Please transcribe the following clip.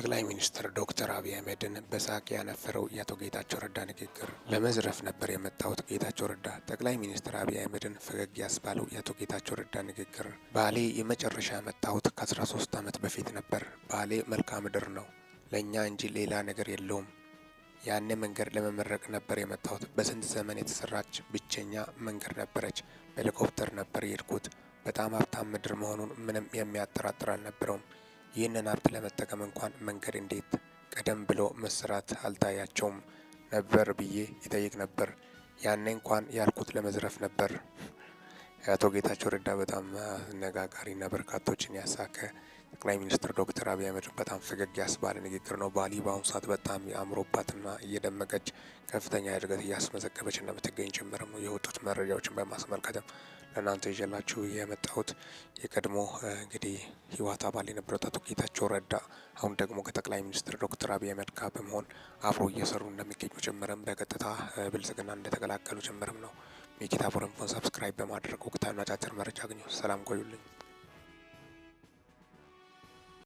ጠቅላይ ሚኒስትር ዶክተር አብይ አህመድን በሳቅ ያነፈረው የአቶ ጌታቸው ረዳ ንግግር ለመዝረፍ ነበር የመጣሁት። ጌታቸው ረዳ ጠቅላይ ሚኒስትር አብይ አህመድን ፈገግ ያስባለው የአቶ ጌታቸው ረዳ ንግግር ባሌ የመጨረሻ የመጣሁት ከ13 ዓመት በፊት ነበር። ባሌ መልካ ምድር ነው ለእኛ እንጂ ሌላ ነገር የለውም። ያኔ መንገድ ለመመረቅ ነበር የመጣሁት። በስንት ዘመን የተሰራች ብቸኛ መንገድ ነበረች። በሄሊኮፕተር ነበር የሄድኩት። በጣም ሀብታም ምድር መሆኑን ምንም የሚያጠራጥር አልነበረውም። ይህንን ሀብት ለመጠቀም እንኳን መንገድ እንዴት ቀደም ብሎ መሰራት አልታያቸውም ነበር ብዬ ይጠይቅ ነበር። ያኔ እንኳን ያልኩት ለመዝረፍ ነበር። አቶ ጌታቸው ረዳ በጣም አነጋጋሪና በርካቶችን ያሳከ ጠቅላይ ሚኒስትር ዶክተር አብይ አህመድ በጣም ፈገግ ያስባለ ንግግር ነው። ባሊ በአሁኑ ሰዓት በጣም የአምሮባትና እየደመቀች ከፍተኛ እድገት እያስመዘገበች እንደምትገኝ ጭምርም የወጡት መረጃዎችን በማስመልከትም ለእናንተ ይዤላችሁ የመጣሁት የቀድሞ እንግዲህ ህወሓት አባል የነበረው አቶ ጌታቸው ረዳ አሁን ደግሞ ከጠቅላይ ሚኒስትር ዶክተር አብይ አህመድ ጋር በመሆን አብሮ እየሰሩ እንደሚገኙ ጭምርም በቀጥታ ብልጽግና እንደተቀላቀሉ ጭምርም ነው። ሚኪታ ፎረንፎን ሰብስክራይብ በማድረግ ወቅታዊ አጫጭር መረጃ አግኙ። ሰላም ቆዩልኝ።